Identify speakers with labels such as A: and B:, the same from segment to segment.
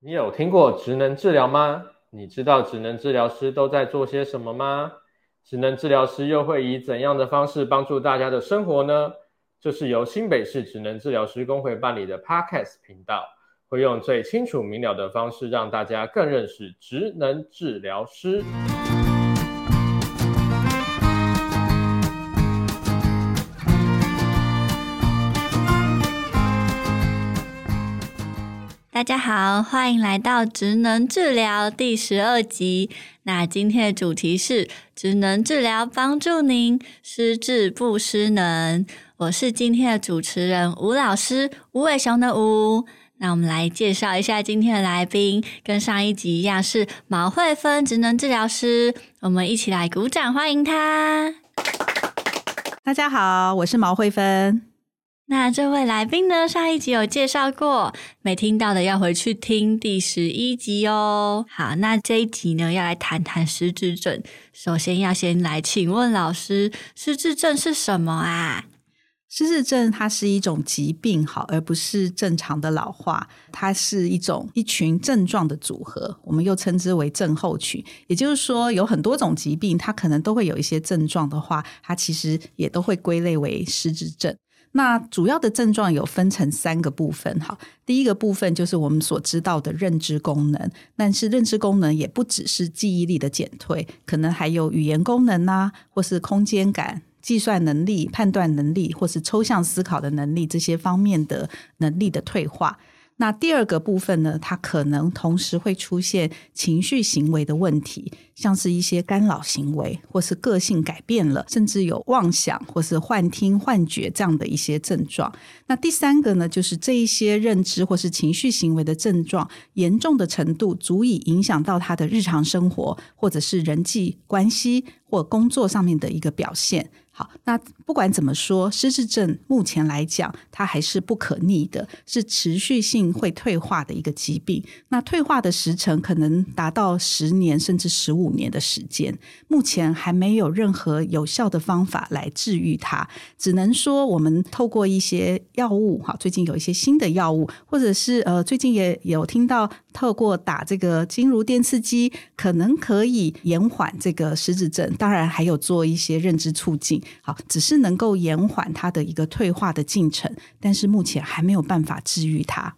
A: 你有聽過職能治療嗎？你知道職能治療師都在做些什麼嗎？職能治療師又會以怎樣的方式幫助大家的生活呢？這，就是由新北市職能治療師公會辦理的 Podcast 頻道，會用最清楚明了的方式讓大家更認識職能治療師。
B: 大家好，歡迎來到職能治療第十二集。那今天的主題是職能治療幫助您失智不失能。我是今天的主持人吳老師，吳偉雄的吳。那我們來介紹一下今天的來賓，跟上一集一樣是毛慧芬職能治療師。我們一起來鼓掌歡迎他。大家好，我是毛慧芬。那這位來賓呢，上一集有介紹過，沒聽到的要回去聽第十一集哦。好，那這一集呢，要來談談失智症。首先
A: 要先來請問老師，失智症是什麼啊？失智症它是一種疾病，好，而不是正常的老化。它是一種一群症狀的組合，我們又稱之為症候群。也就是說，有很多種疾病，它可能都會有一些症狀的話，它其實也都會歸類為失智症。那主要的症狀有分成三個部分，哈，第一個部分就是我們所知道的認知功能，但是認知功能也不只是記憶力的減退，可能還有語言功能啊，或是空間感、計算能力、判斷能力，或是抽象思考的能力，這些方面的能力的退化。那第二個部分呢，它可能同時會出現情緒行為的問題，像是一些干擾行為，或是個性改變了，甚至有妄想或是幻聽、幻覺這樣的一些症狀。那第三個呢，就是這一些認知或是情緒行為的症狀嚴重的程度，足以影響到他的日常生活，或者是人際關係或工作上面的一個表現。好，那不管怎麼說，失智症目前來講，它還是不可逆的，是持續性會退化的一個疾病。那退化的時程可能達到十年甚至十五年的時間，目前還沒有任何有效的方法來治癒它。只能說，我們透過一些藥物，哈，最近有一些新的藥物，或者是呃，最近也，也有聽到。透過打這個經顱電刺激，可能可以延緩這個失智症。當然，還有做一些認知促進，好，只是能夠延緩它的一個退化的進程，但是目前還沒有辦法治癒它。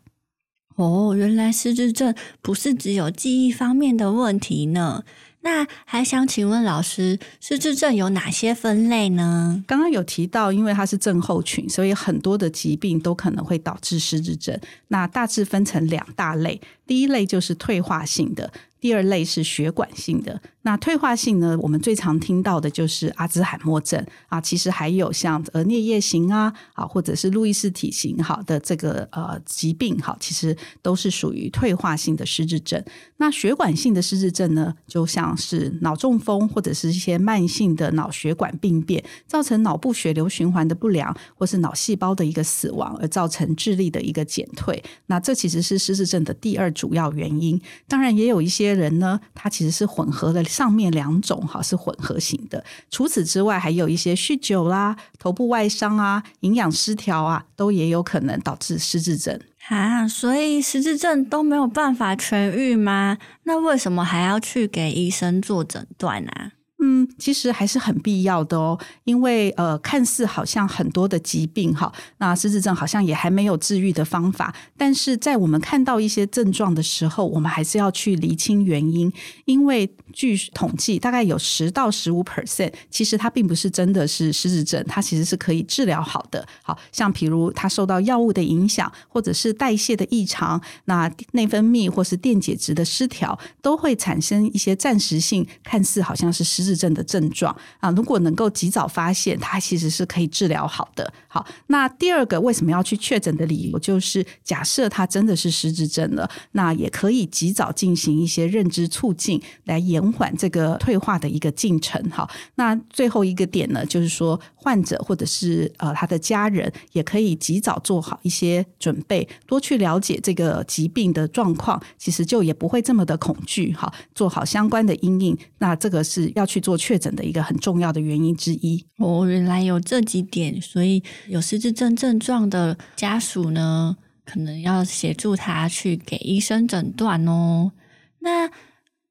A: 哦，原來失智症
B: 不是只有記憶方面的問題呢。那還想請問老師，
A: 失智症有哪些分類呢？剛剛有提到，因為它是症候群，所以很多的疾病都可能會導致失智症。那大致分成兩大類。第一類就是退化性的，第二類是血管性的。那退化性呢，我們最常聽到的就是阿茲海默症啊，其實還有像呃顳葉型啊，啊或者是路易斯體型好的這個呃疾病，哈、啊，其實都是屬於退化性的失智症。那血管性的失智症呢，就像是腦中風或者是一些慢性的腦血管病變，造成腦部血流循環的不良，或是腦細胞的一個死亡，而造成智力的一個減退。那這其實是失智症的第二種主要原因，當然也有一些人呢，他其實是混合了上面兩種，哈，是混合型的。除此之外，還有一些酗酒啦、啊、頭部外傷啊、營養失調啊，都也有可能導致失智症
B: 啊。所以失智症都沒有辦法痊癒嗎？那為什麼還要去給醫生做診斷呢、啊？
A: 嗯，其實還是很必要的哦，因為呃，看似好像很多的疾病哈，那失智症好像也還沒有治癒的方法，但是在我們看到一些症狀的時候，我們還是要去釐清原因，因為據統計，大概有十到十五 percent，其實它並不是真的是失智症，它其實是可以治療好的，好像譬如它受到藥物的影響，或者是代謝的異常，那內分泌或是電解質的失調，都會產生一些暫時性，看似好像是失智症。失症的症狀啊，如果能夠及早發現，它其實是可以治療好的。好，那第二個為什麼要去確診的理由，就是假設它真的是失智症了，那也可以及早進行一些認知促進，來延緩這個退化的一個進程。好，那最後一個點呢，就是說患者或者是呃他的家人也可以及早做好一些準備，多去了解這個疾病的狀況，其實就也不會這麼的恐懼。好，做好相關的因應，那這個是要去。做確診的一個很重要的原因之一哦，原來有這幾點，所以有失智症
B: 症狀的家屬呢，可能要協助他去給醫生診斷哦。那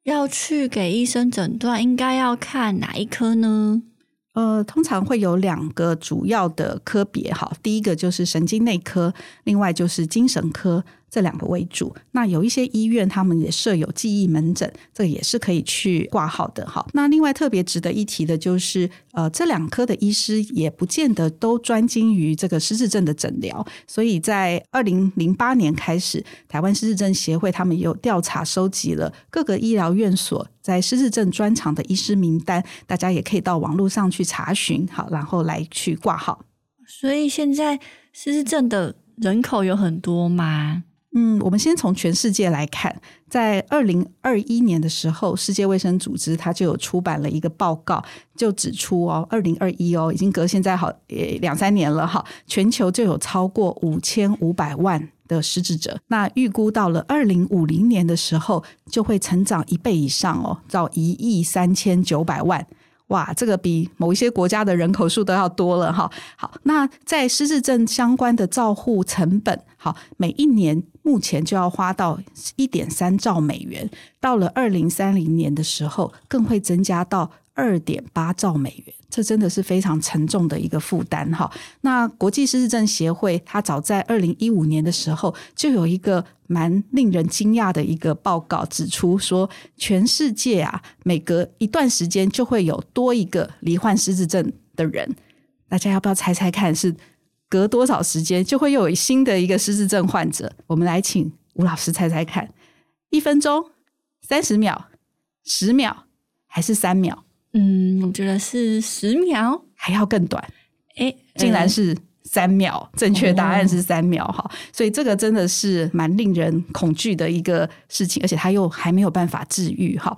B: 要去給醫生診斷，應該要看哪一
A: 科呢？呃，通常會有兩個主要的科別哈，第一個就是神經內科，另外就是精神科。這兩個為主，那有一些醫院他們也設有記憶門診，這也是可以去掛號的哈。那另外特別值得一提的就是，呃，這兩科的醫師也不見得都專精於這個失智症的診療，所以在二零零八年開始，台灣失智症協會他們也有調查收集了各個醫療院所在失智症專長的醫師名單，大家也可以到網絡上去查詢哈，然後來去掛號。所以現在失智症的人口有很多嗎？嗯，我們先從全世界來看，在二零二一年的時候，世界衛生組織它就有出版了一個報告，就指出哦，二零二一哦，已經隔現在好也兩三年了哈，全球就有超過五千五百萬的失智者。那預估到了二零五零年的時候，就會成長一倍以上哦，到一億三千九百萬。哇，這個比某一些國家的人口數都要多了哈。好，那在失智症相關的照護成本，好，每一年。目前就要花到一點三兆美元，到了二零三零年的時候，更會增加到二點八兆美元。這真的是非常沉重的一個負擔，哈。那國際失智症協會，它早在二零一五年的時候，就有一個蠻令人驚訝的一個報告，指出說，全世界啊，每隔一段時間就會有多一個罹患失智症的人。大家要不要猜猜看是？隔多少時間就會又有新的一個失智症患者？我們來請毛老師猜猜看：一分鐘、三十秒、十秒，還是三秒？嗯，我覺得是十秒，還要更短。誒、欸，欸、竟然是三秒！正確答案是三秒哈，哦、所以這個真的是蠻令人恐懼的一個事情，而且他又還沒有辦法治癒哈。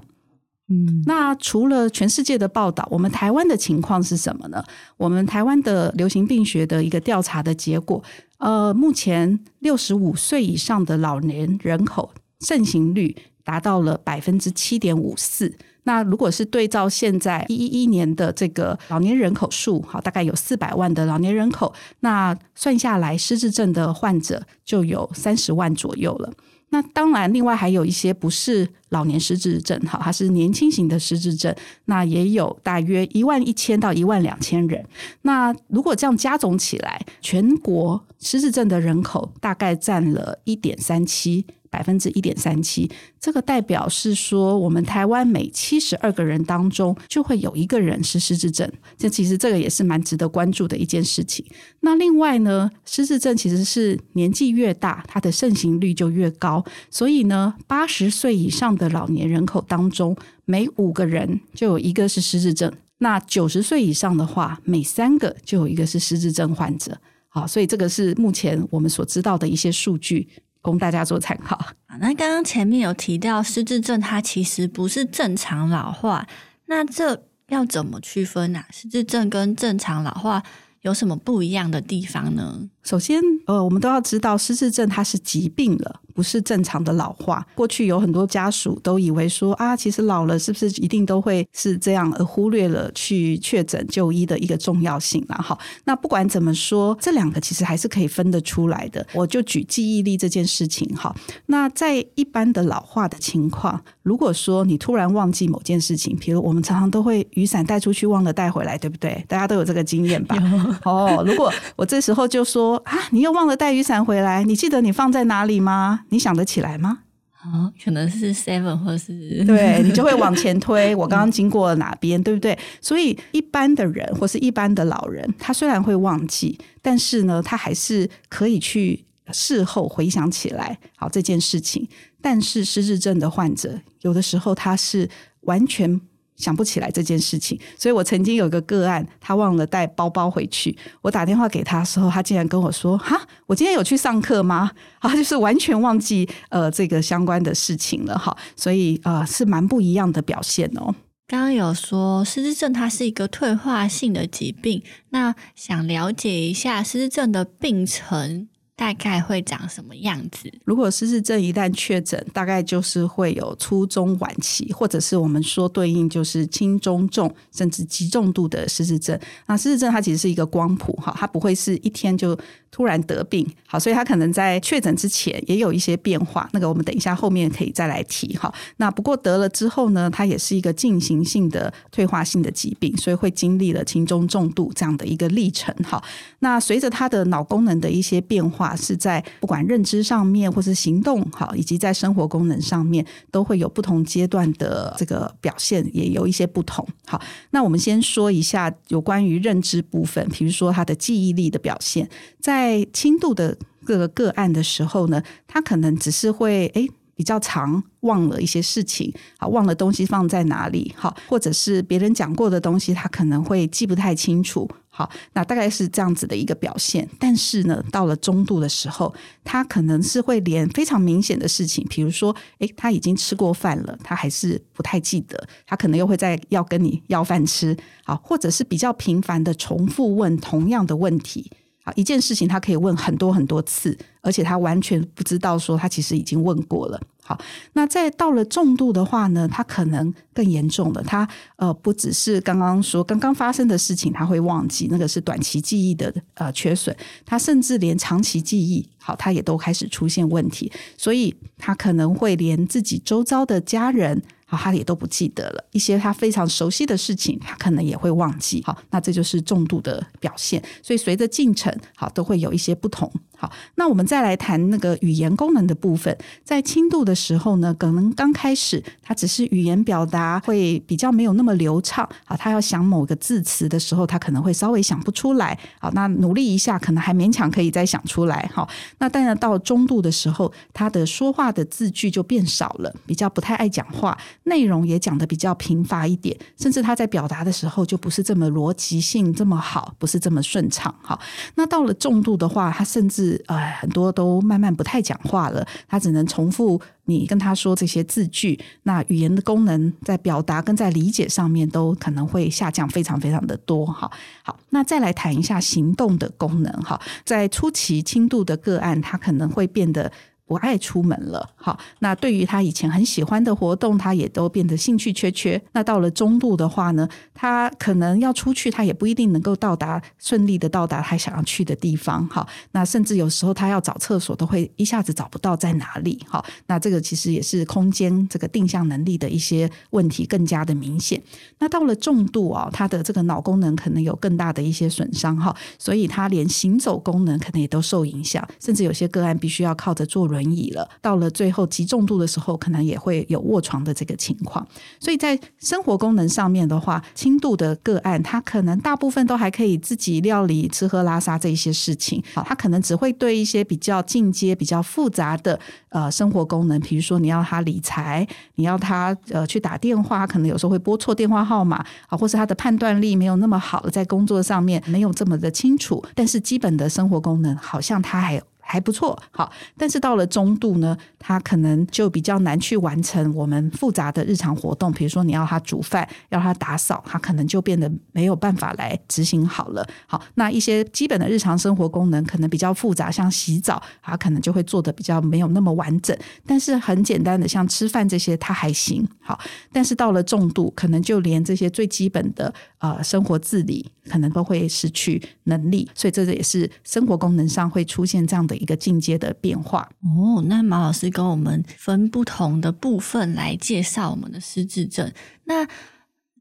A: 那除了全世界的報道，我們台灣的情況是什麼呢？我們台灣的流行病學的一個調查的結果，呃，目前六十五歲以上的老年人口盛行率達到了百分之七點五四。那如果是對照現在一一一年的這個老年人口數，好，大概有四百萬的老年人口，那算下來失智症的患者就有三十萬左右了。那當然，另外還有一些不是老年失智症，哈，它是年輕型的失智症，那也有大約一萬一千到一萬兩千人。那如果這樣加總起來，全國失智症的人口大概占了一點三七。百分之一點三七，這個代表是說，我們台灣每七十二個人當中就會有一個人是失智症。這其實這個也是蠻值得關注的一件事情。那另外呢，失智症其實是年紀越大，它的盛行率就越高。所以呢，八十歲以上的老年人口當中，每五個人就有一個是失智症。那九十歲以上的話，每三個就有一個是失智症患者。好，所以這個是目前我們所知道的一些數據。供大家做參考。那剛剛前面
B: 有提到失智症，它其實不是正常老化，那這要怎
A: 麼區分啊？失智症跟正常老
B: 化有什麼不一樣的地方呢？
A: 首先，呃，我們都要知道失智症它是疾病了，不是正常的老化。過去有很多家屬，都以為說啊，其實老了是不是一定都會是這樣，而忽略了去確診就醫的一個重要性了啊。好，那不管怎麼說，這兩個其實還是可以分得出來的。我就舉記憶力這件事情哈。那在一般的老化的情況，如果說你突然忘記某件事情，比如我們常常都會雨傘帶出去忘了帶回來，對不對？大家都有這個經驗吧？ 哦，如果我這時候就說。啊，你又忘了帶雨傘回來，你記得你放在哪裡嗎？你想得起來嗎？啊、哦，可能是 seven 或是對，對，你就會往前推。我剛剛經過了哪邊， 對不對？所以一般的人或是一般的老人，他雖然會忘記，但是呢，他還是可以去事後回想起來。好，這件事情。但是失智症的患者，有的時候他是完全。想不起來這件事情，所以我曾經有一個個案，他忘了帶包包回去。我打電話給他時候，他竟然跟我說：“哈，我今天有去上課嗎？”啊，就是完全忘記呃這個相關的事情了哈。所以啊，呃，是蠻不一樣的表現哦。剛剛有說失智症
B: 它是一個退化性的疾病，那想了解一下失智症的病程。大概會長什麼樣子？
A: 如果失智症一旦確診，大概就是會有初中晚期，或者是我們說對應就是輕中重甚至極重度的失智症。那失智症它其實是一個光譜，哈，它不會是一天就。突然得病，好，所以他可能在確診之前也有一些變化。那個我們等一下後面可以再來提哈。那不過得了之後呢，他也是一個進行性的退化性的疾病，所以會經歷了輕中重度這樣的一個歷程哈。那隨着他的腦功能的一些變化，是在不管認知上面或是行動好，以及在生活功能上面都會有不同階段的這個表現，也有一些不同。好，那我們先說一下有關於認知部分，比如說他的記憶力的表現，在在輕度的各個個案的時候呢，他可能只是會、欸、比較常忘了一些事情啊，忘了東西放在哪裡好，或者是別人講過的東西，他可能會記不太清楚好，那大概是這樣子的一個表現。但是呢，到了中度的時候，他可能是會連非常明顯的事情，比如說、欸、他已經吃過飯了，他還是不太記得，他可能又會再要跟你要飯吃好，或者是比較頻繁的重複問同樣的問題。好，一件事情他可以問很多很多次，而且他完全不知道說他其實已經問過了。好，那再到了重度的話呢，他可能更嚴重了。他呃，不只是剛剛說剛剛發生的事情他會忘記，那個是短期記憶的呃缺損，他甚至連長期記憶，好，他也都開始出現問題，所以他可能會連自己周遭的家人。好，他也都不記得了，一些他非常熟悉的事情，他可能也會忘記。好，那這就是重度的表現。所以隨着病程，好，都會有一些不同。好，那我們再來談那個語言功能的部分。在輕度的時候呢，可能剛開始他只是語言表達會比較沒有那麼流暢。啊，他要想某個字詞的時候，他可能會稍微想不出來。好，那努力一下，可能還勉強可以再想出來。好，那當然到中度的時候，他的說話的字句就變少了，比較不太愛講話，內容也講的比較貧乏一點，甚至他在表達的時候就不是這麼邏輯性這麼好，不是這麼順暢。好，那到了重度的話，他甚至哎，很多都慢慢不太講話了，他只能重複你跟他說這些字句，那語言的功能在表達跟在理解上面都可能會下降非常非常的多。好好，那再來談一下行動的功能。哈，在初期輕度的個案，他可能會變得，不愛出門了，好，那對於他以前很喜歡的活動，他也都變得興趣缺缺。那到了中度的話呢，他可能要出去，他也不一定能夠到達，順利的到達他想要去的地方。那甚至有時候他要找廁所，都會一下子找不到在哪裡。那這個其實也是空間這個定向能力的一些問題更加的明顯。那到了重度哦，他的這個腦功能可能有更大的一些損傷哈，所以他連行走功能可能也都受影響，甚至有些個案必須要靠着坐輪。輪椅了，到了最後極重度的時候，可能也會有臥床的這個情況。所以在生活功能上面的話，輕度的個案，他可能大部分都還可以自己料理吃喝拉撒這些事情。他可能只會對一些比較進階、比較複雜的呃生活功能，比如說你要他理財，你要他呃去打電話，可能有時候會撥錯電話號碼啊，或是他的判斷力沒有那麼好，在工作上面沒有這麼的清楚。但是基本的生活功能，好像他還。還不錯，好，但是到了中度呢，他可能就比較難去完成我們複雜的日常活動，比如說你要他煮飯，要他打掃，他可能就變得沒有辦法來執行好了。好，那一些基本的日常生活功能可能比較複雜，像洗澡，他可能就會做得比較沒有那麼完整。但是很簡單的，像吃飯這些，他還行。好，但是到了重度，可能就連這些最基本的呃生活自理，可能都會失去能力。所以這個也是生活功能上會出現這樣的。一個境界的變化
B: 哦。那毛老師跟我們分不同的部分來介紹我們的失智症。那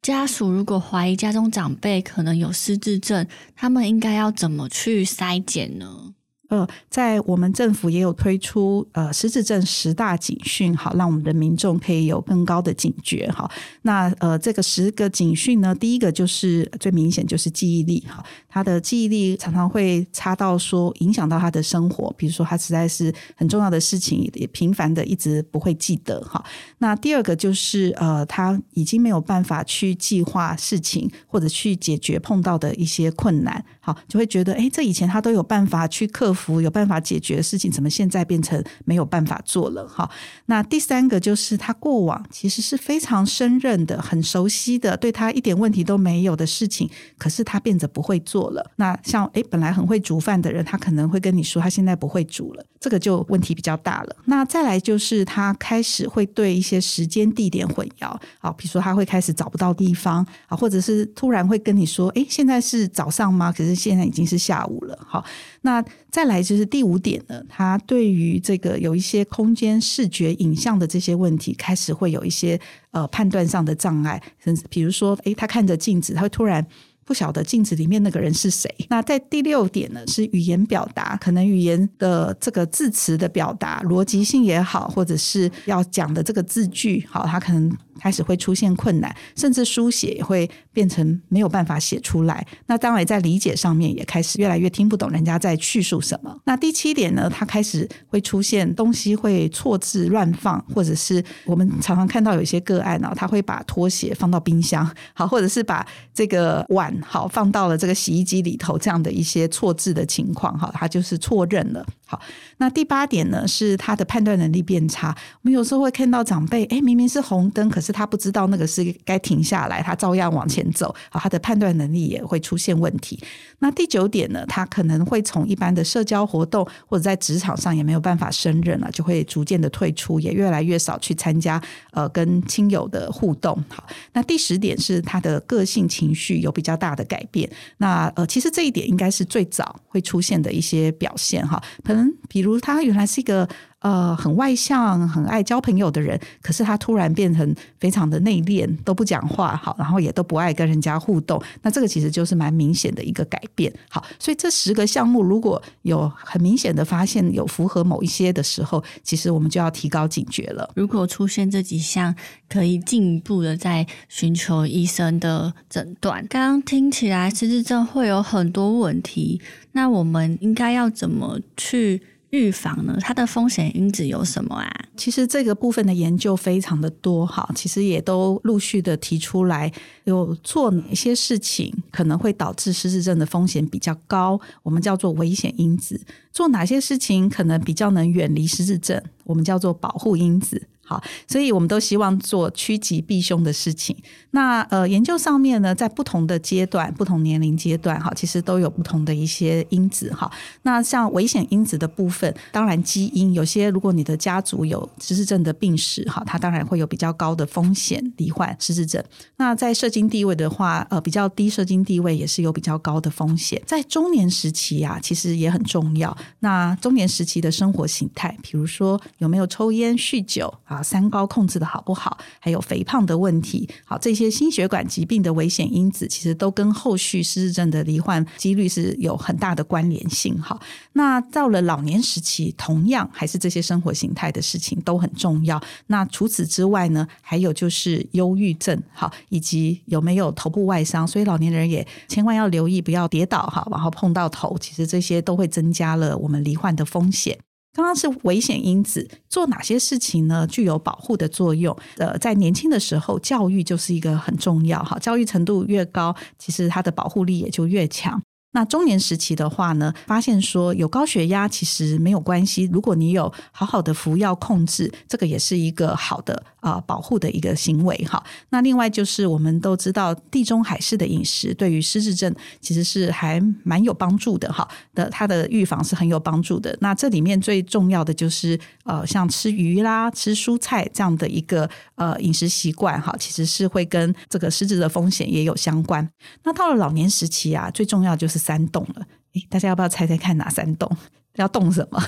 B: 家屬如果懷疑家中長輩可能有失智症，他們應該要怎麼去篩檢呢？
A: 呃，在我們政府也有推出呃，失智症十大警訊，好，讓我們的民眾可以有更高的警覺，好，那呃，這個十個警訊呢，第一個就是最明顯就是記憶力，哈，他的記憶力常常會差到說影響到他的生活，比如說他實在是很重要的事情，也頻繁的一直不會記得，哈。那第二個就是呃，他已經沒有辦法去計劃事情或者去解決碰到的一些困難，好，就會覺得哎，這以前他都有辦法去克服。有辦法解決的事情，怎麼現在變成沒有辦法做了？哈，那第三個就是他過往其實是非常勝任的、很熟悉的，對他一點問題都沒有的事情，可是他變得不會做了。那像誒，本來很會煮飯的人，他可能會跟你說他現在不會煮了，這個就問題比較大了。那再來就是他開始會對一些時間地點混淆，好，比如說他會開始找不到地方啊，或者是突然會跟你說，誒，現在是早上嗎？可是現在已經是下午了。好，那。再來就是第五點呢，他對於這個有一些空間視覺影像的這些問題，開始會有一些呃判斷上的障礙，甚至比如說，誒，他看着鏡子，他會突然不曉得鏡子裡面那個人是誰。那在第六點呢，是語言表達，可能語言的這個字詞的表達，邏輯性也好，或者是要講的這個字句，好，他可能。開始會出現困難，甚至書寫也會變成沒有辦法寫出來。那當然，在理解上面也開始越來越聽不懂人家在敘述什麼。那第七點呢，他開始會出現東西會錯置亂放，或者是我們常常看到有些個案呢，他會把拖鞋放到冰箱，好，或者是把這個碗好放到了這個洗衣機裡頭，這樣的一些錯置的情況，好，他就是錯認了，好。那第八點呢，是他的判斷能力變差。我們有時候會看到長輩，哎、欸，明明是紅燈，可是他不知道那個是該停下來，他照樣往前走。好，他的判斷能力也會出現問題。那第九點呢，他可能會從一般的社交活動或者在職場上也沒有辦法勝任了、啊，就會逐漸的退出，也越來越少去參加呃跟親友的互動。好，那第十點是他的個性情緒有比較大的改變。那呃，其實這一點應該是最早會出現的一些表現哈，可能比如。如他原來是一個呃很外向、很愛交朋友的人，可是他突然變成非常的內斂，都不講話，好，然後也都不愛跟人家互動，那這個其實就是蠻明顯的一個改變。好，所以這十個項目如果有很明顯的發現，有符合某一些的時候，其實我們就要提高警覺了。如果出
B: 現這幾項，可以進一步的再尋求醫生的診斷。剛剛聽起來，失智症會有很多問題，那我們應該要怎麼
A: 去？預防呢，它的風險因子有什麼啊？其實這個部分的研究非常的多哈，其實也都陸續的提出來，有做哪些事情可能會導致失智症的風險比較高，我們叫做危險因子；做哪些事情可能比較能遠離失智症，我們叫做保護因子。好，所以我們都希望做趨吉避凶的事情。那呃，研究上面呢，在不同的階段、不同年齡階段，哈，其實都有不同的一些因子哈。那像危險因子的部分，當然基因，有些如果你的家族有失智症的病史，哈，它當然會有比較高的風險罹患失智症。那在社經地位的話，呃，比較低社經地位也是有比較高的風險。在中年時期啊，其實也很重要。那中年時期的生活形態，比如說有沒有抽煙、酗酒啊，三高控制的好不好，還有肥胖的問題，好，這些。這些心血管疾病的危險因子，其實都跟後續失智症的罹患幾率是有很大的關聯性哈。那到了老年時期，同樣還是這些生活形態的事情都很重要。那除此之外呢，還有就是憂鬱症哈，以及有沒有頭部外傷，所以老年人也千萬要留意，不要跌倒哈，然後碰到頭，其實這些都會增加了我們罹患的風險。剛剛是危險因子，做哪些事情呢？具有保護的作用。呃，在年輕的時候，教育就是一個很重要哈。教育程度越高，其實它的保護力也就越強。那中年時期的話呢，發現說有高血壓，其實沒有關係。如果你有好好的服藥控制，這個也是一個好的。啊、呃，保護的一個行為哈。那另外就是我們都知道地中海式的飲食對於失智症其實是還蠻有幫助的，哈的它的預防是很有幫助的。那這裡面最重要的就是呃，像吃魚啦、吃蔬菜這樣的一個呃飲食習慣哈，其實是會跟這個失智的風險也有相關。那到了老年時期啊，最重要就是三動了。誒，大家要不要猜猜看哪三動？要動什麼？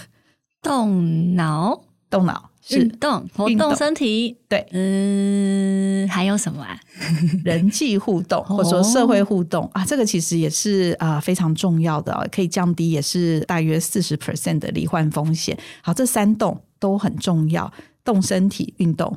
A: 動腦，動腦。運是
B: 動，活動身體，
A: 對，嗯，還有什麼啊？ 人際互動，或者說社會互動、oh. 啊，這個其實也是啊、呃、非常重要的、哦，可以降低也是大約四十 percent 的罹患風險。好，這三動都很重要，動身體，運動，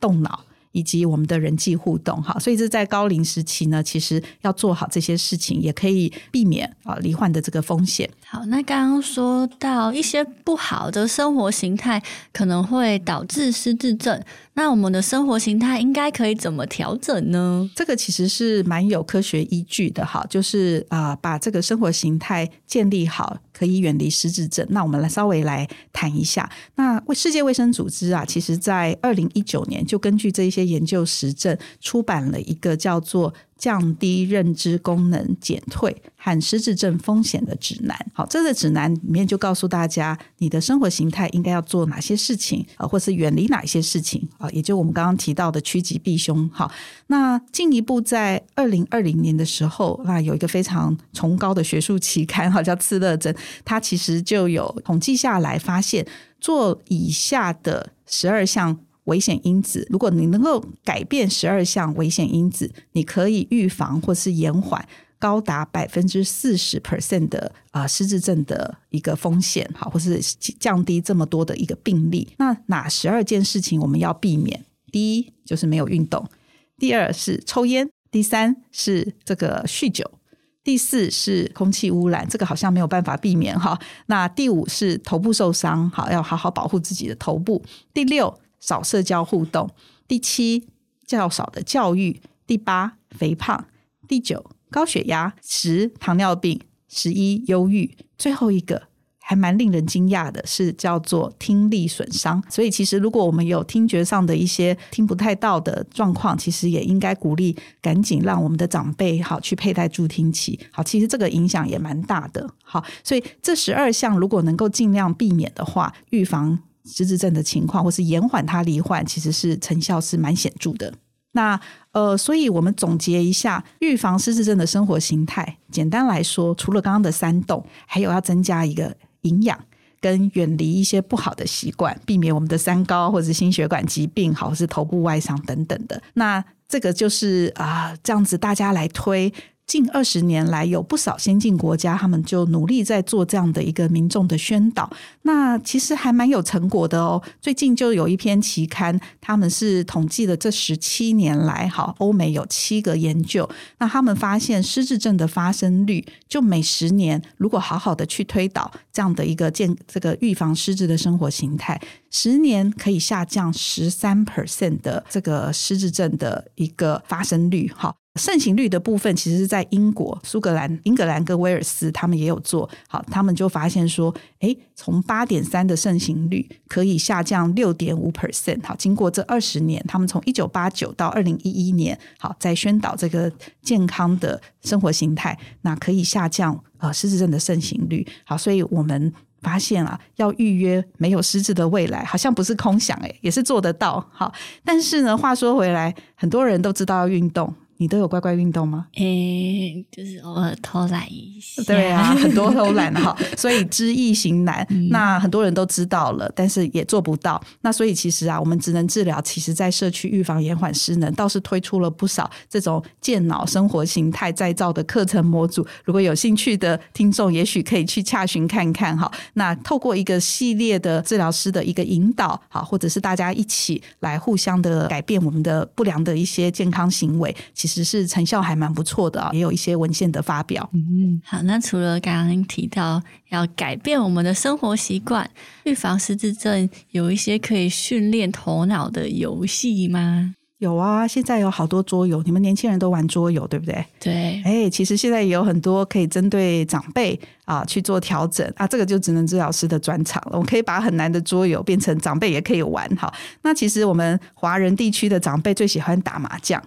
A: 動腦。以及我們的人際互動，哈，所以這在高齡時期呢，其實要做好這些事情，也可以避免啊罹患的這個風險。
B: 好，那剛剛說到一些不好的生活形態，可能會導致失智症。那
A: 我們的生活形態應該可以怎麼調整呢？這個其實是蠻有科學依據的哈，就是啊，把這個生活形態建立好，可以遠離失智症。那我們來稍微來談一下，那世界衛生組織啊，其實在二零一九年就根據這些研究實證，出版了一個叫做降低認知功能減退。看失智症風險的指南，好，這個指南裡面就告訴大家你的生活形態應該要做哪些事情，啊、呃，或是遠離哪些事情，啊、呃，也就我們剛剛提到的趨吉避凶。好，那進一步在二零二零年的時候，那有一個非常崇高的學術期刊，好，叫《刺胳針》，它其實就有統計下來發現，做以下的十二項危險因子，如果你能夠改變十二項危險因子，你可以預防或是延緩。高達百分之四十 percent 的啊，失智症的一個風險，或是降低這麼多的一個病例。那哪十二件事情我們要避免？第一就是沒有運動，第二是抽菸，第三是這個酗酒，第四是空氣污染，這個好像沒有辦法避免哈。那第五是頭部受傷，哈，要好好保護自己的頭部。第六少社交互動，第七較少的教育，第八肥胖，第九。高血壓，十糖尿病，十一憂鬱，最後一個還蠻令人驚訝的是叫做聽力損傷，所以其實如果我們有聽覺上的一些聽不太到的狀況，其實也應該鼓勵趕緊讓我們的長輩好去佩戴助聽器。好，其實這個影響也蠻大的。好，所以這十二項如果能夠儘量避免的話，預防失智症的情況或是延緩它罹患，其實是成效是蠻顯著的。那呃，所以我們總結一下預防失智症的生活形態。簡單來說，除了剛剛的三動，還有要增加一個營養，跟遠離一些不好的習慣，避免我們的三高或者是心血管疾病，或是頭部外傷等等的。那這個就是啊、呃，這樣子大家來推。近二十年來，有不少先進國家，他們就努力在做這樣的一個民眾的宣導。那其實還蠻有成果的哦。最近就有一篇期刊，他們是統計了這十七年來，哈，歐美有七個研究，那他們發現失智症的發生率，就每十年，如果好好的去推導這樣的一個健這個預防失智的生活形態，十年可以下降十三 percent 的這個失智症的一個發生率，哈。盛行率的部分其實是在英國、蘇格蘭、英格蘭跟威爾斯，他們也有做。好，他們就發現說，哎，從八點三的盛行率可以下降六點五 percent。好，經過這二十年，他們從一九八九到二零一一年，好，在宣導這個健康的生活形態，那可以下降呃失智症的盛行率。好，所以我們發現啊，要預約沒有失智的未來，好像不是空想，也是做得到。好，但是呢，話說回來，很多人都知道要運動。你都有乖乖運動嗎？誒、欸，就是偶爾偷懶一些。對啊，很多偷懶哈， 所以知易行難。嗯、那很多人都知道了，但是也做不到。那所以其實啊，我們職能治療。其實，在社區預防延緩失能，倒是推出了不少這種健腦生活形態再造的課程模組。如果有興趣的聽眾，也許可以去洽詢看看哈。那透過一個系列的治療師的一個引導，哈，或者是大家一起來互相的改變我們的不良的一些健康行為。其實是成效還蠻不錯的啊，也有一些文獻的發表。嗯，好，那除了剛剛提到要改變我們的生
B: 活習慣，預防失智症，有一些可以訓練頭腦的遊戲
A: 嗎？有啊，現在有好多桌遊，你們年輕人都玩桌遊，對不對？對，哎、欸，其實現在也有很多可以針對長輩啊、呃、去做調整啊，這個就只能治療師的專場了。我們可以把很難的桌遊變成長輩也可以玩哈。那其實我們華人地區的長輩最喜歡打麻將。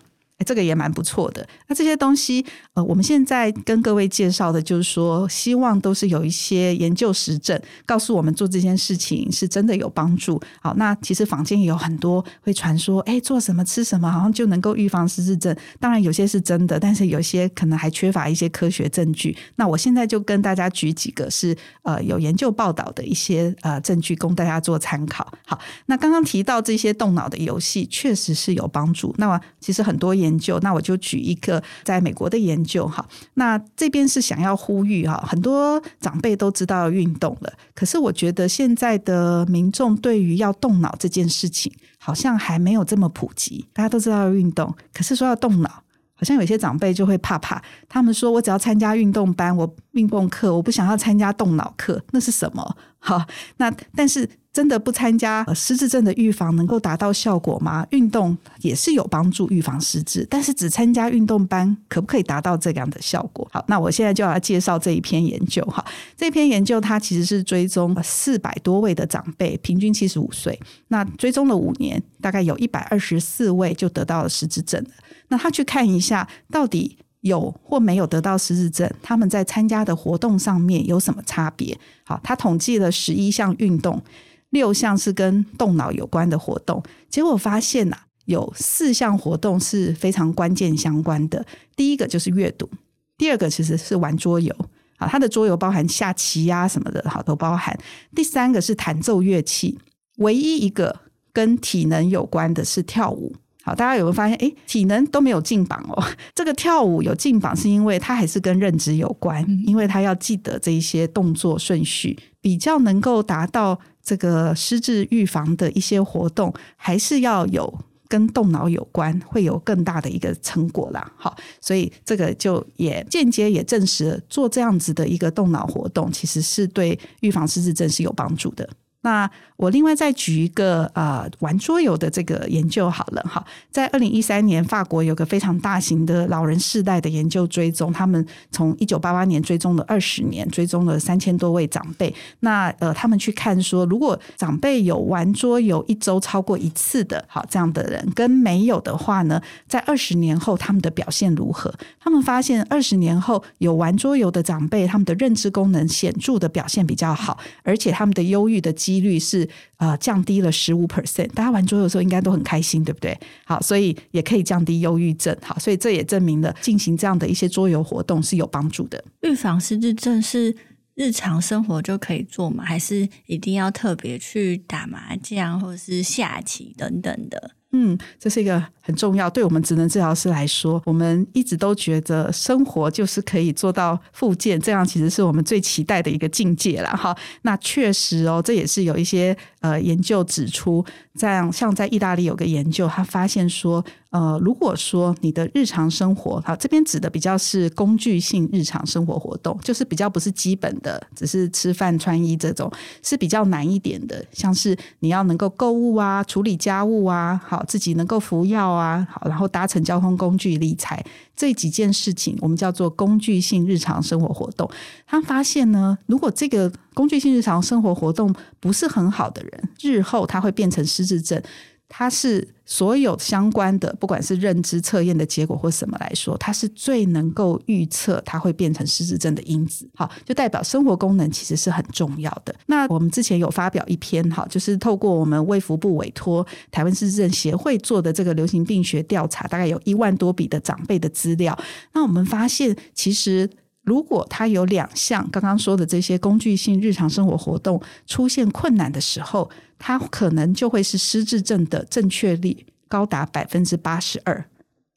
A: 這個也蠻不錯的。那這些東西，呃，我們現在跟各位介紹的，就是說，希望都是有一些研究實證，告訴我們做這件事情是真的有幫助。好，那其實坊間也有很多會傳說，哎、欸，做什麼吃什麼，好像就能夠預防失智症。當然有些是真的，但是有些可能還缺乏一些科學證據。那我現在就跟大家舉幾個是呃有研究報道的一些呃證據，供大家做參考。好，那剛剛提到這些動腦的遊戲，確實是有幫助。那麼其實很多研究研究，那我就舉一個在美國的研究哈。那這邊是想要呼籲哈，很多長輩都知道運動了，可是我覺得現在的民眾對於要動腦這件事情，好像還沒有這麼普及。大家都知道要運動，可是說要動腦，好像有些長輩就會怕怕。他們說我只要參加運動班、我運動課，我不想要參加動腦課，那是什麼？哈，那但是。真的不參加失智症的預防能夠達到效果嗎？運動也是有幫助預防失智，但是只參加運動班可不可以達到這樣的效果？好，那我現在就要介紹這一篇研究哈。這篇研究它其實是追蹤四百多位的長輩，平均七十五歲，那追蹤了五年，大概有一百二十四位就得到了失智症了。那他去看一下，到底有或沒有得到失智症，他們在參加的活動上面有什麼差別？好，他統計了十一項運動。六項是跟動腦有關的活動，結果發現吶、啊，有四項活動是非常關鍵相關的。第一個就是閱讀，第二個其實是玩桌遊啊，它的桌遊包含下棋呀、啊、什麼的，好，都包含。第三個是彈奏樂器，唯一一個跟體能有關的是跳舞。好，大家有沒有發現？哎、欸，體能都沒有進榜哦。這個跳舞有進榜，是因為它還是跟認知有關，因為它要記得這一些動作順序，比較能夠達到。這個失智預防的一些活動，還是要有跟動腦有關，會有更大的一個成果啦。好，所以這個就也間接也證實了，做這樣子的一個動腦活動，其實是對預防失智症是有幫助的。那。我另外再舉一個，呃，玩桌遊的這個研究好了哈，在二零一三年，法國有個非常大型的老人世代的研究追蹤，他們從一九八八年追蹤了二十年，追蹤了三千多位長輩。那呃，他們去看說，如果長輩有玩桌遊一周超過一次的，好，這樣的人，跟沒有的話呢，在二十年後，他們的表現如何？他們發現，二十年後有玩桌遊的長輩，他們的認知功能顯著的表現比較好，而且他們的憂鬱的幾率是。啊、呃，降低了十五 percent，大家玩桌遊的時候應該都很開心，對不對？好，所以也可以降低憂鬱症。好，所以這也證明了進行這樣的一些桌遊活動是有幫助的。
B: 預防失智症是日、日常生活就可以做嗎，還是一定要特別去打麻將或是下棋等等的？
A: 嗯，這是一個。很重要，對我們職能治療師來說，我們一直都覺得生活就是可以做到復健，這樣其實是我們最期待的一個境界了哈。那確實哦，這也是有一些呃研究指出，這樣像在意大利有個研究，他發現說，呃，如果說你的日常生活，好這邊指的比較是工具性日常生活活動，就是比較不是基本的，只是吃飯穿衣這種是比較難一點的，像是你要能夠購物啊，處理家務啊，好自己能夠服藥啊。啊好，然後搭乘交通工具、理財這幾件事情，我們叫做工具性日常生活活動。他發現呢，如果這個工具性日常生活活動不是很好的人，日後他會變成失智症。它是所有相關的，不管是認知測驗的結果或什麼來說，它是最能夠預測它會變成失智症的因子。好，就代表生活功能其實是很重要的。那我們之前有發表一篇，好，就是透過我們衛福部委託台灣失智症協會做的這個流行病學調查，大概有一萬多筆的長輩的資料。那我們發現，其實。如果他有兩項剛剛說的這些工具性日常生活活動出現困難的時候，他可能就會是失智症的正確率高達百分之八十二。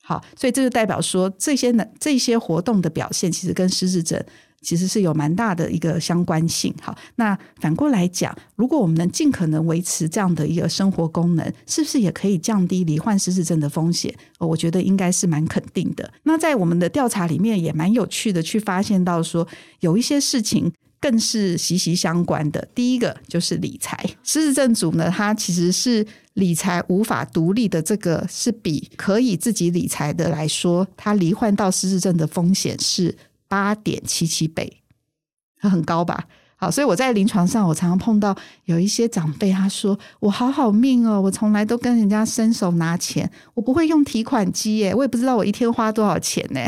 A: 好，所以這就代表說這些呢，這些活動的表現其實跟失智症。其實是有蠻大的一個相關性，好，那反過來講，如果我們能盡可能維持這樣的一個生活功能，是不是也可以降低罹患失智症的風險？呃，我覺得應該是蠻肯定的。那在我們的調查裡面，也蠻有趣的，去發現到說有一些事情更是息息相關的。第一個就是理財，失智症組呢，它其實是理財無法獨立的，這個是比可以自己理財的來說，它罹患到失智症的風險是。八點七七倍，它很高吧？好，所以我在臨床上，我常常碰到有一些長輩，他說：“我好好命哦，我從來都跟人家伸手拿錢，我不會用提款機耶，我也不知道我一天花多少錢呢。”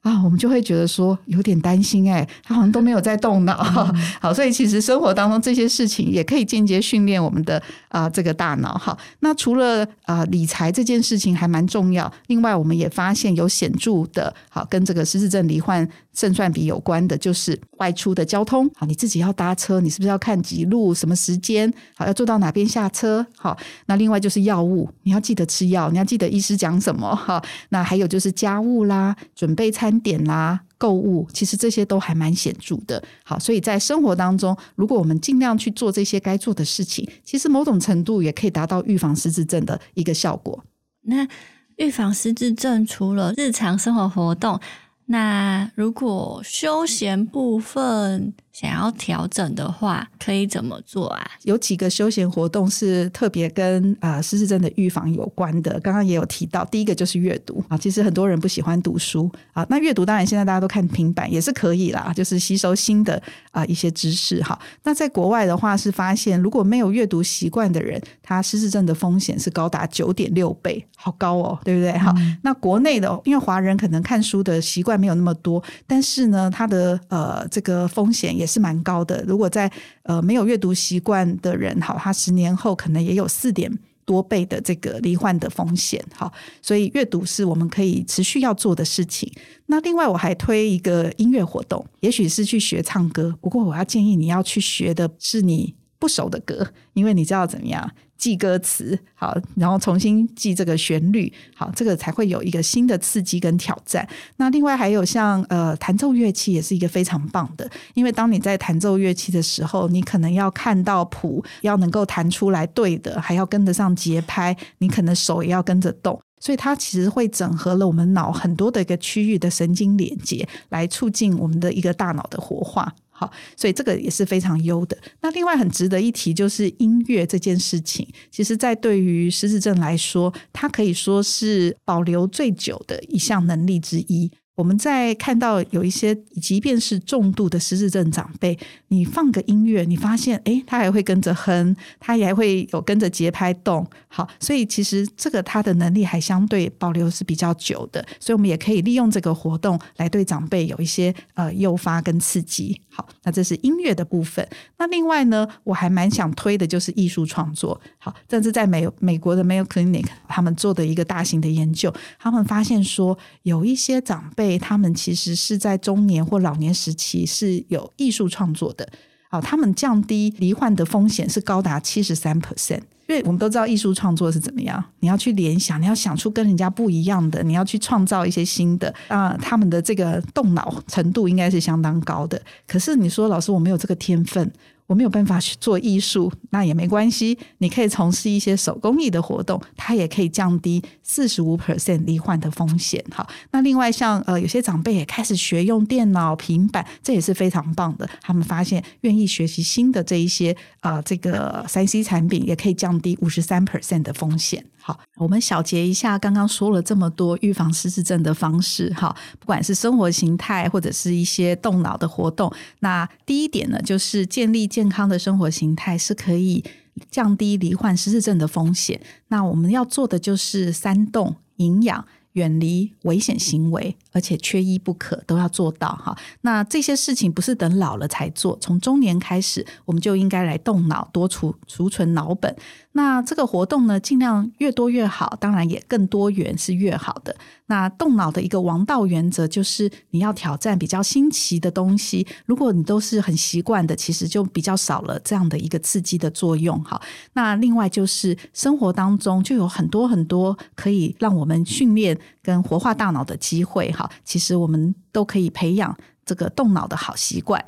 A: 啊，我們就會覺得說有點擔心哎，他好像都沒有在動腦。嗯嗯好，所以其實生活當中這些事情也可以間接訓練我們的啊、呃、這個大腦。好，那除了啊、呃、理財這件事情還蠻重要，另外我們也發現有顯著的好跟這個失智症罹患。勝算比有關的就是外出的交通，好，你自己要搭車，你是不是要看幾路、什麼時間，好，要坐到哪邊下車？好，那另外就是藥物，你要記得吃藥，你要記得醫師講什麼？哈，那還有就是家務啦、準備餐點啦、購物，其實這些都還蠻顯著的。好，所以在生活當中，如果我們盡量去做這些該做的事情，其實某種程度也可以達到預防失智症的一個效果。
B: 那預防失智症除了日常生活活動，那如果休閒部分，想要調整的話，可以怎麼
A: 做啊？有幾個休閒活動是特別跟啊失智症的預防有關的。剛剛也有提到，第一個就是閱讀啊。其實很多人不喜歡讀書啊。那閱讀當然現在大家都看平板也是可以啦，就是吸收新的啊、呃、一些知識。哈，那在國外的話是發現，如果沒有閱讀習慣的人，他失智症的風險是高達九點六倍，好高哦，對不對？哈，嗯、那國內的因為華人可能看書的習慣沒有那麼多，但是呢，他的呃這個風險。也是蠻高的。如果在呃沒有閱讀習慣的人，好，他十年後可能也有四點多倍的這個罹患的風險，好，所以閱讀是我們可以持續要做的事情。那另外我還推一個音樂活動，也許是去學唱歌。不過我要建議你要去學的是你不熟的歌，因為你知道怎麼樣記歌詞，好，然後重新記這個旋律，好，這個才會有一個新的刺激跟挑戰。那另外還有像呃彈奏樂器也是一個非常棒的，因為當你在彈奏樂器的時候，你可能要看到譜，要能夠彈出來對的，還要跟得上節拍，你可能手也要跟着動，所以它其實會整合了我們腦很多的一個區域的神經連接，來促進我們的一個大腦的活化。好，所以這個也是非常優的。那另外很值得一提就是音樂這件事情，其實在對於失智症來說，它可以說是保留最久的一項能力之一。我們在看到有一些，即便是重度的失智症長輩，你放個音樂，你發現哎，他還會跟着哼，他也還會有跟着節拍動。好，所以其實這個他的能力還相對保留是比較久的。所以，我們也可以利用這個活動來對長輩有一些呃誘發跟刺激。好，那這是音樂的部分。那另外呢，我還蠻想推的，就是藝術創作。好，這是在美美國的 Mayo Clinic 他們做的一個大型的研究，他們發現說，有一些長輩，他們其實是在中年或老年時期是有藝術創作的。好，他們降低罹患的風險是高達七十三 percent。對，我們都知道藝術創作是怎麼樣，你要去聯想，你要想出跟人家不一樣的，你要去創造一些新的啊、呃，他們的這個動腦程度應該是相當高的。可是你說，老師，我沒有這個天分。我沒有辦法去做藝術，那也沒關係，你可以從事一些手工藝的活動，它也可以降低四十五 percent 罹患的風險。好，那另外像呃有些長輩也開始學用電腦、平板，這也是非常棒的。他們發現願意學習新的這一些啊、呃，這個三 C 產品也可以降低五十三 percent 的風險。好，我們小結一下，剛剛說了這麼多預防失智症的方式，哈，不管是生活形態或者是一些動腦的活動。那第一點呢，就是建立健康的生活形態是可以降低罹患失智症的風險。那我們要做的就是三動營養。遠離危險行為，而且缺一不可，都要做到哈。那這些事情不是等老了才做，從中年開始，我們就應該來動腦，多儲儲存腦本。那這個活動呢，盡量越多越好，當然也更多元是越好的。那動腦的一個王道原則就是，你要挑戰比較新奇的東西。如果你都是很習慣的，其實就比較少了這樣的一個刺激的作用。好，那另外就是生活當中就有很多很多可以讓我們訓練跟活化大腦的機會。哈，其實我們都可以培養這個動腦的好習慣。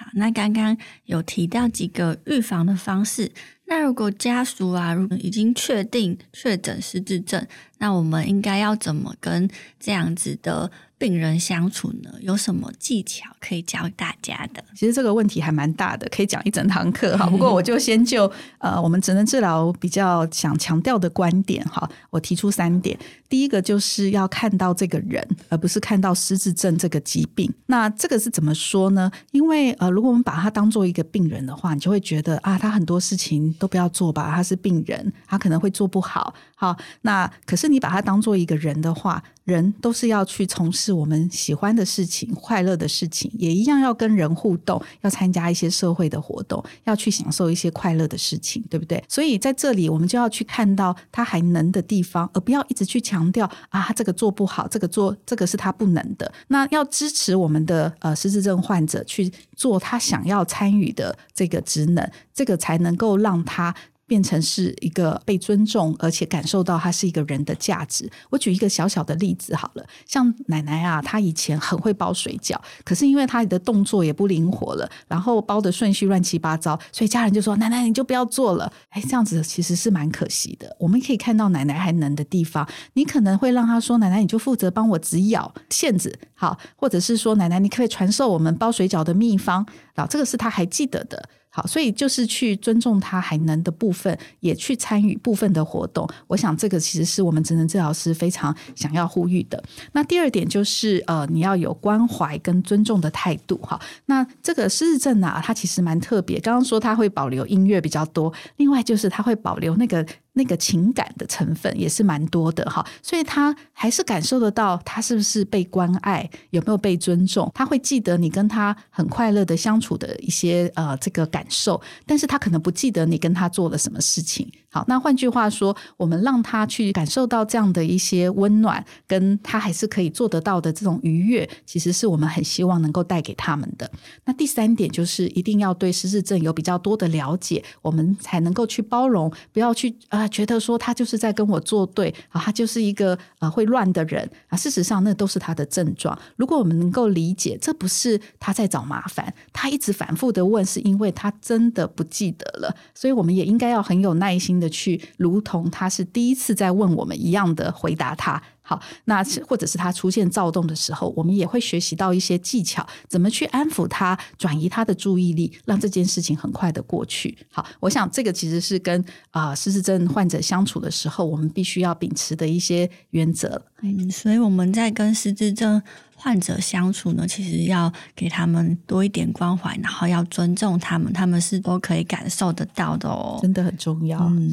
B: 好，那剛剛有提到幾個預防的方式。那如果家屬啊，如果已經確定確診失智症，那我們應該要怎麼跟這樣子的病人相處呢，有什麼
A: 技巧可以教大家的？其實這個問題還蠻大的，可以講一整堂課哈。嗯、不過我就先就呃，我們職能治療比較想強調的觀點哈，我提出三點。第一個就是要看到這個人，而不是看到失智症這個疾病。那這個是怎麼說呢？因為呃，如果我們把它當做一個病人的話，你就會覺得啊，他很多事情都不要做吧，他是病人，他可能會做不好。好，那可是你把他當做一個人的話。人都是要去從事我們喜歡的事情、快樂的事情，也一樣要跟人互動，要參加一些社會的活動，要去享受一些快樂的事情，對不對？所以在這裡，我們就要去看到他還能的地方，而不要一直去強調啊，這個做不好，這個做這個是他不能的。那要支持我們的呃，失智症患者去做他想要參與的這個職能，這個才能夠讓他。變成是一個被尊重，而且感受到他是一個人的價值。我舉一個小小的例子好了，像奶奶啊，她以前很會包水餃，可是因為她的動作也不靈活了，然後包的順序亂七八糟，所以家人就說：“奶奶，你就不要做了。欸”哎，這樣子其實是蠻可惜的。我們可以看到奶奶還能的地方，你可能會讓她說：“奶奶，你就負責幫我只咬餡子。”好，或者是說：“奶奶，你可，可以傳授我們包水餃的秘方啊，這個是她還記得的。”好，所以就是去尊重他還能的部分，也去參與部分的活動。我想這個其實是我們職能治療師非常想要呼籲的。那第二點就是，呃，你要有關懷跟尊重的態度哈。那這個失智症啊，它其實蠻特別。剛剛說它會保留音樂比較多，另外就是它會保留那個。那個情感的成分也是蠻多的哈，所以他還是感受得到他是不是被關愛，有沒有被尊重。他會記得你跟他很快樂的相處的一些呃這個感受，但是他可能不記得你跟他做了什麼事情。好，那換句話說，我們讓他去感受到這樣的一些溫暖，跟他還是可以做得到的這種愉悅，其實是我們很希望能夠帶給他們的。那第三點就是，一定要對失智症有比較多的了解，我們才能夠去包容，不要去啊、呃、覺得說他就是在跟我作對啊，他就是一個、呃、會亂的人啊。事實上，那都是他的症狀。如果我們能夠理解，這不是他在找麻煩，他一直反覆的問，是因為他真的不記得了，所以我們也應該要很有耐心的去，如同他是第一次在問我們一樣的回答他。好，那或者是他出現躁動的時候，我們也會學習到一些技巧，怎麼去安撫他，轉移他的注意力，讓這件事情很快的過去。好，我想這個其實是跟啊、呃、失智症患者相處的時候，我們必須要秉持的一些原則。嗯，所以我們在跟失智症。患者相處呢，其實
B: 要給他們多一點關懷，然後要尊重他們，他們是都可以感受得到的哦，真的很重要。嗯。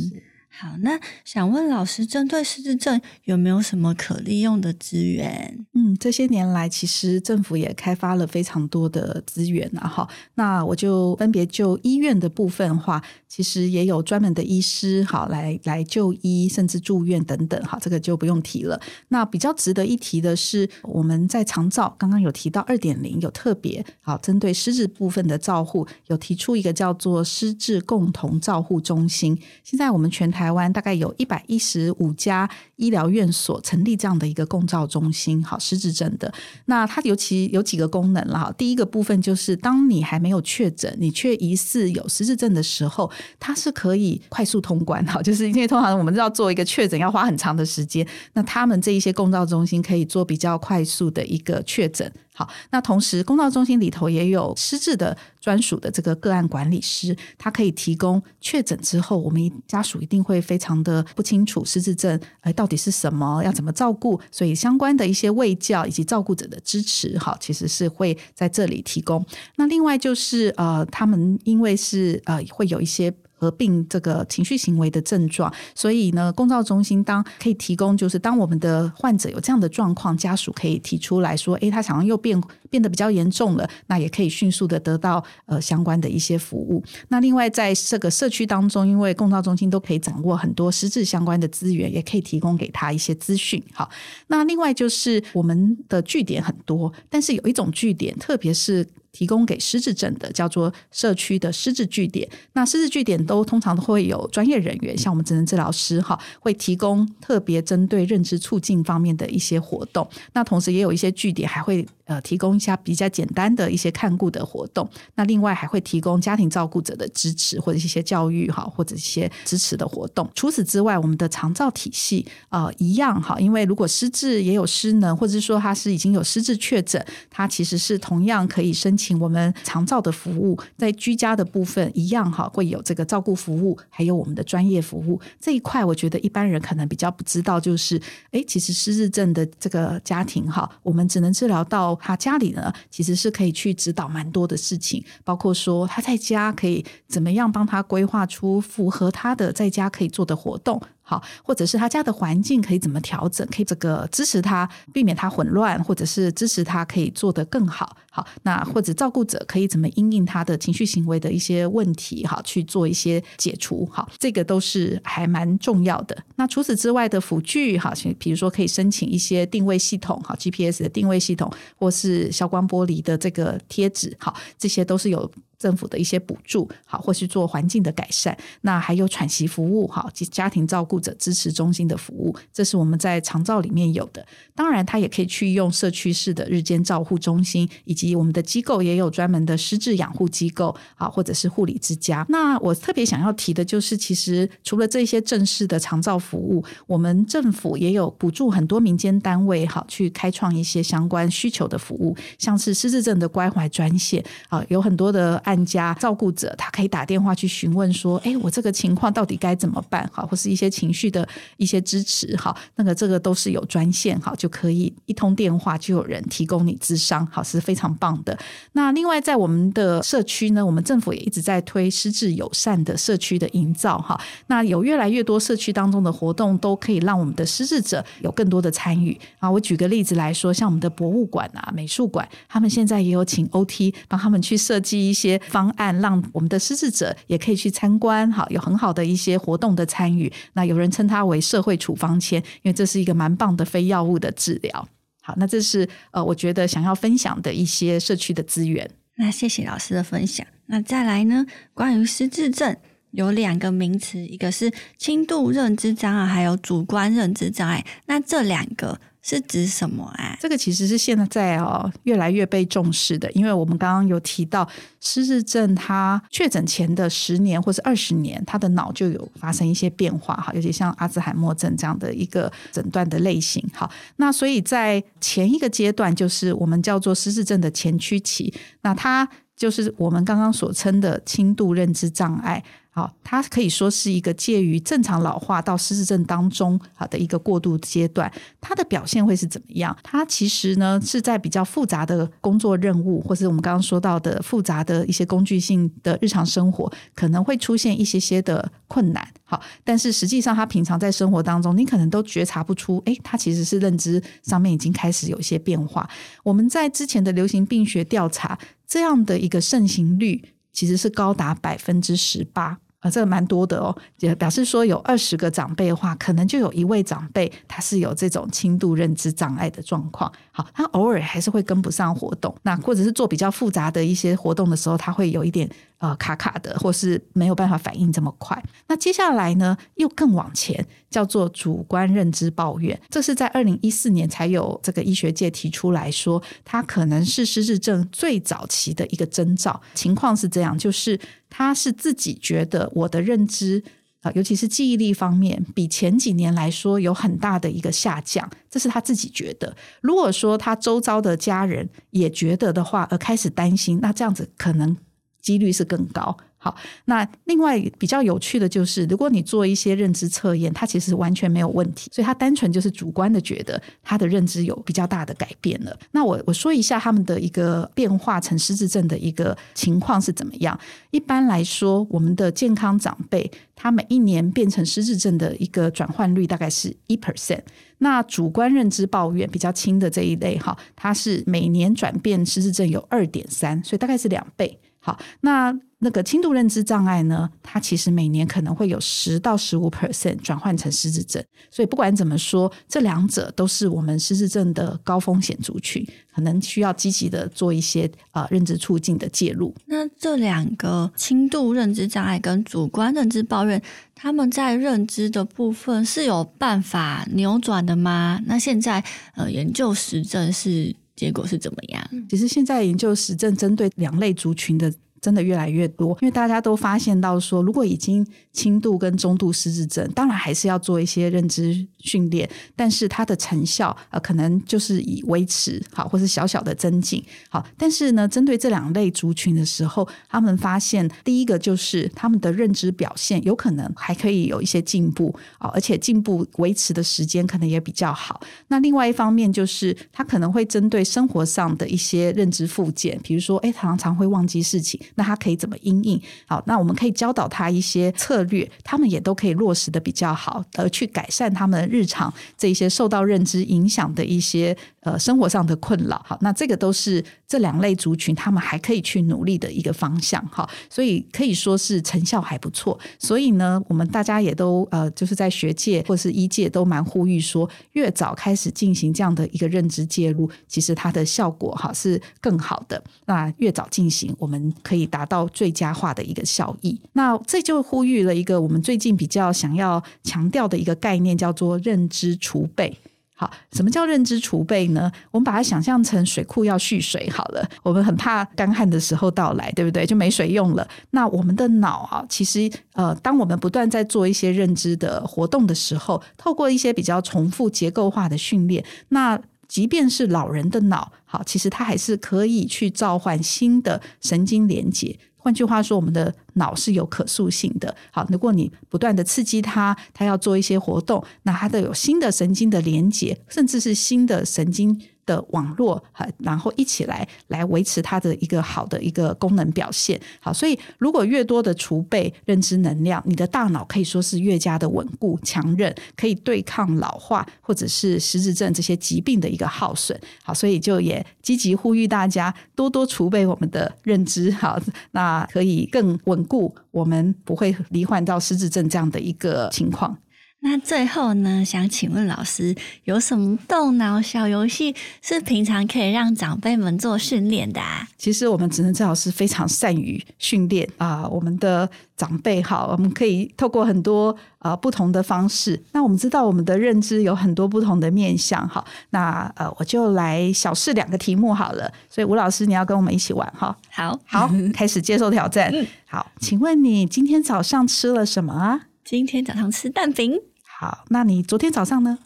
B: 好，那想問老師，針對失智症
A: 有沒有什麼可利用的資源？嗯，這些年來其實政府也開發了非常多的資源那、啊、好，那我就分別就醫院的部分的話，其實也有專門的醫師，好，來來就醫，甚至住院等等。哈，這個就不用提了。那比較值得一提的是，我們在長照剛剛有提到二點零有特別，好，針對失智部分的照護，有提出一個叫做失智共同照護中心。現在我們全台。台灣大概有一百一十五家醫療院所成立這樣的一個共照中心，好，失智症的。那它尤其有幾個功能了。第一個部分就是，當你還沒有確診，你卻疑似有失智症的時候，它是可以快速通關，好，就是因為通常我們知道做一個確診要花很長的時間，那他們這一些共照中心可以做比較快速的一個確診。好，那同時，公道中心裡頭也有失智的專屬的這個個案管理師，他可以提供確診之後，我們家屬一定會非常的不清楚失智症，哎，到底是什麼，要怎麼照顧，所以相關的一些衛教以及照顧者的支持，哈，其實是會在這裡提供。那另外就是，呃，他們因為是呃，會有一些。合併這個情緒行為的症狀，所以呢，共照中心當可以提供，就是當我們的患者有這樣的狀況，家屬可以提出來說，誒，他想要又變變得比較嚴重了，那也可以迅速的得到呃相關的一些服務。那另外在這個社區當中，因為共照中心都可以掌握很多失智相關的資源，也可以提供給他一些資訊。好，那另外就是我們的據點很多，但是有一種據點，特別是。提供給失智症的叫做社區的失智據點，那失智據點都通常都會有專業人員，像我們職能治療師哈，會提供特別針對認知促進方面的一些活動。那同時也有一些據點還會呃提供一下比較簡單的一些看顧的活動。那另外還會提供家庭照顧者的支持或者一些教育哈或者一些支持的活動。除此之外，我們的長照體系啊、呃、一樣哈，因為如果失智也有失能，或者是說他是已經有失智確診，他其實是同樣可以申請。我們長照的服務在居家的部分一樣哈，會有這個照顧服務，還有我們的專業服務這一塊，我覺得一般人可能比較不知道，就是誒，其實失智症的這個家庭哈，我們職能治療到他家裡呢，其實是可以去指導蠻多的事情，包括說他在家可以怎麼樣幫他規劃出符合他的在家可以做的活動。好，或者是他家的環境可以怎麼調整，可以這個支持他，避免他混亂，或者是支持他可以做得更好。好，那或者照顧者可以怎麼因應他的情緒行為的一些問題，哈，去做一些解除。好，這個都是還蠻重要的。那除此之外的輔具，哈，比如說可以申請一些定位系統，好，GPS 的定位系統，或是消光玻璃的這個貼紙，好，這些都是有。政府的一些補助，好，或是做環境的改善，那還有喘息服務，好，及家庭照顧者支持中心的服務，這是我們在長照裡面有的。當然，他也可以去用社區式的日間照護中心，以及我們的機構也有專門的失智養護機構啊，或者是護理之家。那我特別想要提的就是，其實除了這些正式的長照服務，我們政府也有補助很多民間單位，好，去開創一些相關需求的服務，像是失智症的關懷專線，啊，有很多的。安家照顧者，他可以打電話去詢問說：“哎、欸，我這個情況到底該怎麼辦？”哈，或是一些情緒的一些支持，哈，那個這個都是有專線，哈，就可以一通電話就有人提供你諮商，好，是非常棒的。那另外，在我們的社區呢，我們政府也一直在推失智友善的社區的營造，哈，那有越來越多社區當中的活動都可以讓我們的失智者有更多的參與啊。我舉個例子來說，像我們的博物館啊、美術館，他們現在也有請 OT 幫他們去設計一些。方案讓我們的失智者也可以去參觀，好，有很好的一些活動的參與。那有人稱它為社會處方簽，因為這是一個蠻棒的非藥物的治療。好，那這是呃，我覺得想要分享的一些社區的資源。那謝謝老師的分享。那再來呢？關於失智症
B: 有兩個名詞，一個是輕度認知障礙，還有主觀認知障礙。那
A: 這兩個。是指什麼哎、啊？這個其實是現在在哦越來越被重視的，因為我們剛剛有提到失智症，它確診前的十年或是二十年，它的腦就有發生一些變化哈，尤其像阿茲海默症這樣的一個診斷的類型。好，那所以在前一個階段，就是我們叫做失智症的前驅期，那它就是我們剛剛所稱的輕度認知障礙。好，它可以說是一個介於正常老化到失智症當中好的一個過渡階段。它的表現會是怎麼樣？它其實呢是在比較複雜的工作任務，或是我們剛剛說到的複雜的一些工具性的日常生活，可能會出現一些些的困難。好，但是實際上他平常在生活當中，你可能都覺察不出，哎，他其實是認知上面已經開始有一些變化。我們在之前的流行病學調查，這樣的一個盛行率其實是高達百分之十八。啊，這個蠻多的哦，也表示說有二十個長輩的話，可能就有一位長輩他是有這種輕度認知障礙的狀況。好，他偶爾還是會跟不上活動，那或者是做比較複雜的一些活動的時候，他會有一點呃卡卡的，或是沒有辦法反應這麼快。那接下來呢，又更往前叫做主觀認知抱怨，這是在二零一四年才有這個醫學界提出來說，他可能是失智症最早期的一個徵兆。情況是這樣，就是。他是自己覺得我的認知啊，尤其是記憶力方面，比前幾年來說有很大的一個下降，這是他自己覺得。如果說他周遭的家人也覺得的話，而開始擔心，那這樣子可能幾率是更高。好，那另外比較有趣的就是，如果你做一些認知測驗，他其實完全沒有問題，所以他單純就是主觀的覺得他的認知有比較大的改變了。那我我說一下他們的一個變化成失智症的一個情況是怎麼樣。一般來說，我們的健康長輩他每一年變成失智症的一個轉換率大概是一 percent。那主觀認知抱怨比較輕的這一類哈，它是每年轉變失智症有二點三，所以大概是兩倍。好，那。那個輕度認知障礙呢，它其實每年可能會有十到十五 percent 轉換成失智症，所以不管怎麼說，這兩者都是我們失智症的高風險族群，可能需要積極地做一些啊、呃、認知促進的介入。那這兩個輕度認知障礙跟主觀
B: 認知抱怨，他們在認知的部分是有辦法扭轉的嗎？
A: 那現在呃研究實證是結果是怎麼樣？嗯、其實現在研究實證針對兩類族群的。真的越來越多，因為大家都發現到說，如果已經輕度跟中度失智症，當然還是要做一些認知訓練，但是它的成效啊、呃，可能就是以維持好，或是小小的增進好。但是呢，針對這兩類族群的時候，他們發現第一個就是他們的認知表現有可能還可以有一些進步啊、哦，而且進步維持的時間可能也比較好。那另外一方面就是，他可能會針對生活上的一些認知復健，比如說，哎、欸，常常會忘記事情。那他可以怎麼因應？好，那我們可以教導他一些策略，他們也都可以落實的比較好，而去改善他們日常這些受到認知影響的一些。呃，生活上的困擾，好，那這個都是這兩類族群他們還可以去努力的一個方向，哈，所以可以說是成效還不錯。所以呢，我們大家也都呃，就是在學界或者是醫界都蠻呼籲說，越早開始進行這樣的一個認知介入，其實它的效果哈是更好的。那越早進行，我們可以達到最佳化的一個效益。那這就呼籲了一個我們最近比較想要強調的一個概念，叫做認知儲備。好，什麼叫認知儲備呢？我們把它想象成水庫要蓄水好了。我們很怕乾旱的時候到來，對不對？就沒水用了。那我們的腦啊，其實呃，當我們不斷在做一些認知的活動的時候，透過一些比較重複結構化的訓練，那即便是老人的腦，好，其實它還是可以去召喚新的神經連接。換句話說，我們的腦是有可塑性的。好，如果你不斷的刺激它，它要做一些活動，那它的有新的神經的連接，甚至是新的神經。的網絡啊，然後一起來來維持它的一個好的一個功能表現，好，所以如果越多的儲備認知能量，你的大腦可以說是越加的穩固強韌，可以對抗老化或者是失智症這些疾病的一個耗損。好，所以就也積極呼籲大家多多儲備我們的認知，好，那可以更穩固，我們不會罹患到失智症這樣的一個情況。
B: 那最後呢，想請問老師，有什麼動腦小遊戲是平常可以讓長輩們做訓練的、啊？
A: 其實我們職能治療師非常善於訓練啊，我們的長輩哈，我們可以透過很多啊、呃、不同的方式。那我們知道我們的認知有很多不同的面向哈，那呃我就來小試兩個題目好了。所以毛老師你要跟我們一起玩哈，好 好開始接受挑戰。好，請問你今天早上吃了什麼、啊？今天早上吃蛋餅。好，那你昨天早上呢？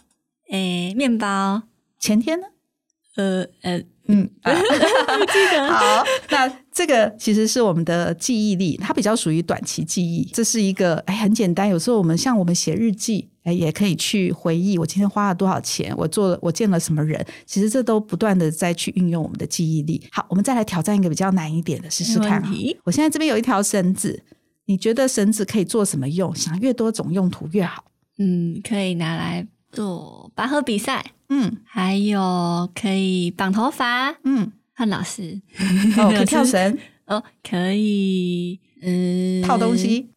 A: 哎、欸，
B: 麵包。前天呢？呃呃嗯， 啊、 好，
A: 那這個其實是我們的記憶力，它比較屬於短期記憶。這是一個哎，很簡單。有時候我們像我們寫日記，哎，也可以去回憶我今天花了多少錢，我做了我見了什麼人。其實這都不斷的在去運用我們的記憶力。好，我們再來挑戰一個比較難一點的，試試看、哦。咦題，我現在這邊有一條繩子，你覺得繩子可以做什麼用？想越多種用途越好。嗯，可以拿來
B: 做拔河比賽。嗯，還有可以綁頭髮。嗯，換老師哦，可以跳繩哦，oh, 可以。嗯，套東西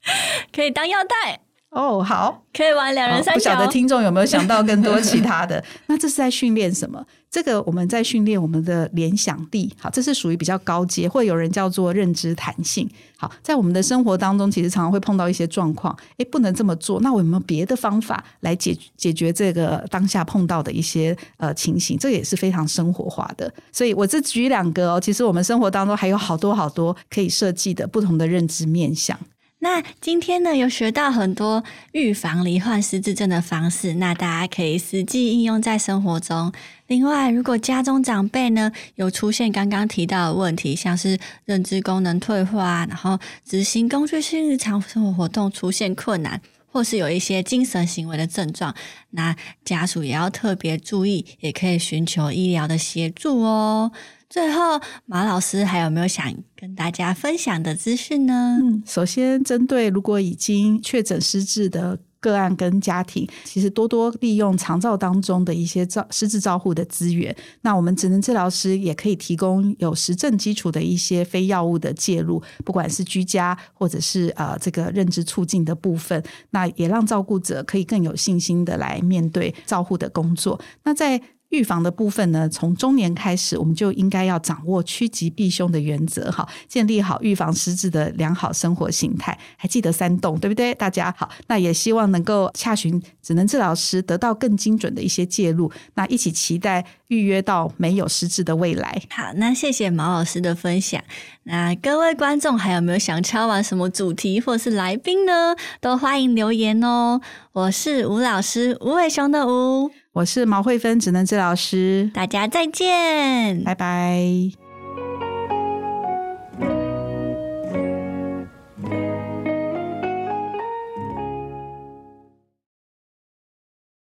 B: 可以當腰帶。
A: 哦，oh, 好，可以玩兩人三腳。Oh, 不曉得聽眾有沒有想到更多其他的？ 那這是在訓練什麼？這個我們在訓練我們的聯想力。好，這是屬於比較高階，或者有人叫做認知彈性。好，在我們的生活當中，其實常常會碰到一些狀況，哎，不能這麼做。那我們有沒有別的方法來解解決這個當下碰到的一些呃情形？這也是非常生活化的。所以，我這舉兩個哦。其實我們生活當中還有好多好多可以設計的不同的認知面向。
B: 那今天呢，有學到很多預防罹患失智症的方式，那大家可以實際應用在生活中。另外，如果家中長輩呢，有出現剛剛提到的問題，像是認知功能退化，然後執行工具性日常生活活動出現困難，或是有一些精神行為的症狀，那家屬也要特別注意，也可以尋求醫療的協助哦。最後，毛老師還有沒有想跟大家分享的資訊
A: 呢？嗯，首先針對如果已經確診失智的個案跟家庭，其實多多利用長照當中的一些照失智照護的資源，那我們職能治療師也可以提供有實證基礎的一些非藥物的介入，不管是居家或者是啊、呃、這個認知促進的部分，那也讓照顧者可以更有信心的來面對照護的工作。那在預防的部分呢，從中年開始，我們就應該要掌握趨吉避凶的原則，哈，建立好預防失智的良好生活形態。還記得三動對不對？大家好，那也希望能夠洽詢職能治療師，得到更精準的一些介入。那一起期待預約到沒有失智的未來。好，那謝謝毛老師的分
B: 享。那各位觀眾還有沒有想敲碗什麼主題或是來賓呢？都歡迎留言哦。我是吳老師，吳偉雄的吳。我是毛慧
A: 芬職能治療老師，大家再見，拜拜。